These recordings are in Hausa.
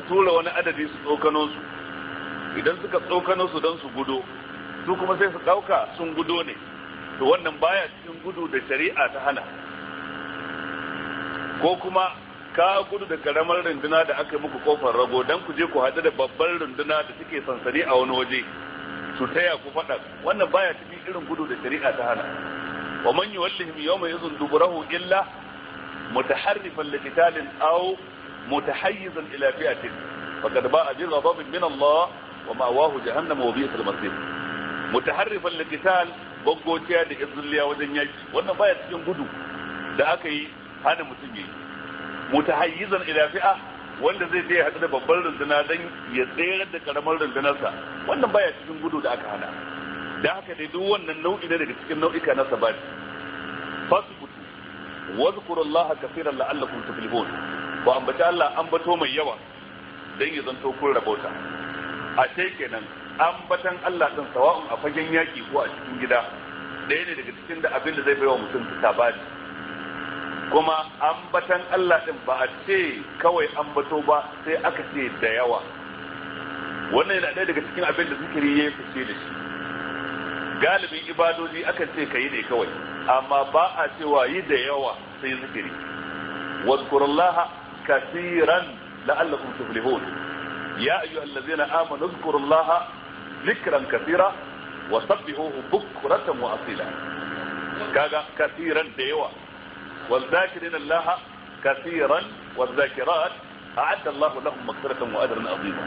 suka tura wani adadi su tsokano su idan suka tsokano su don su gudu, su kuma sai su ɗauka sun gudu ne to wannan baya cikin gudu da shari'a ta hana ko kuma ka gudu da karamar runduna da aka yi muku kofar rago dan ku je ku hadu da babbar runduna da suke sansani a wani waje su taya ku faɗa wannan baya cikin irin gudu da shari'a ta hana wa man yuwallihim yawma yuzun duburahu illa mutaharrifan liqitalin aw متحيزا إلى فئة فقد باء بغضب من الله ومأواه جهنم وبئس المصير متحرفا للقتال gwaggociya da izulliya wajen yaki wannan baya cikin gudu da aka yi hana mutum yi mutahayyizan ila fi'a wanda zai je haɗu da babbar runduna don ya tsayar da karamar rundunarsa wannan baya cikin gudu da aka hana da haka dai duk wannan nau'i ne daga cikin nau'ika na sabati fasbutu wazkurullaha kaseeran la'allakum tuflihun ku ambaci Allah ambato mai yawa dan ya zanto kun rabota a sai kenan ambatan Allah san sawa'un a fagen yaki ko a cikin gida ɗaya ne daga cikin da abin da zai baiwa mutum sabani kuma ambatan Allah din ba a ce kawai ambato ba sai aka ce da yawa wannan yana ɗaya daga cikin abin da zikiri ya fice da shi galibin ibadoji aka ce ka yi ne kawai amma ba a cewa yi da yawa sai zikiri wadkurallaha كثيرا لعلكم تفلحون يا أيها الذين آمنوا اذكروا الله ذكرا كثيرا وسبحوه بكرة وأصيلا كذا كثيرا ديوة والذاكرين الله كثيرا والذاكرات أعد الله لهم مغفرة وأجرا عظيما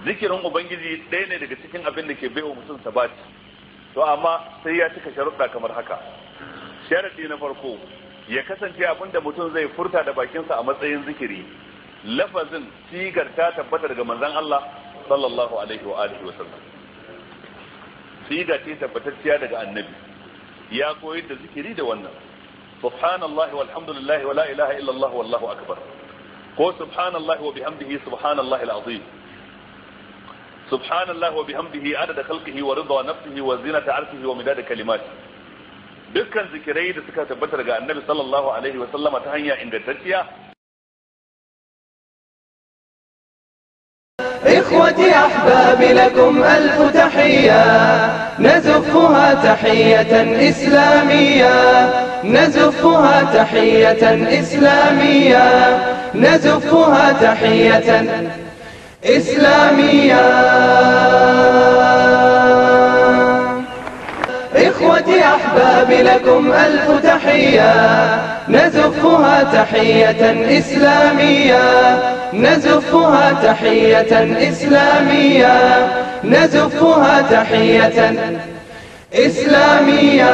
zikirin ubangiji ɗaya ne daga cikin abin da ke baiwa mutum sabati to amma sai ya cika sharuɗa kamar haka sharadi na farko ya kasance abin mutum zai furta da bakinsa a matsayin zikiri lafazin sigar ta tabbata daga manzon Allah sallallahu alaihi wa alihi wa sallam sigar ce tabbatacciya daga annabi ya koyar da zikiri da wannan subhanallahi walhamdulillahi la ilaha illallah wallahu akbar ko subhanallahi wa bihamdihi subhanallahi alazim subhanallahi wa bihamdihi adada khalqihi wa ridha nafsihi wa zinata arshihi wa midada kalimatihi dukkan zikirai da suka tabbata daga annabi sallallahu alaihi wa sallama ta hanya ingantacciya إخوتي أحبابي لكم ألف تحية نزفها تحية إسلامية نزفها تحية إسلامية نزفها تحية إسلامية الباب لكم ألف تحية نزفها تحية إسلامية نزفها تحية إسلامية نزفها تحية إسلامية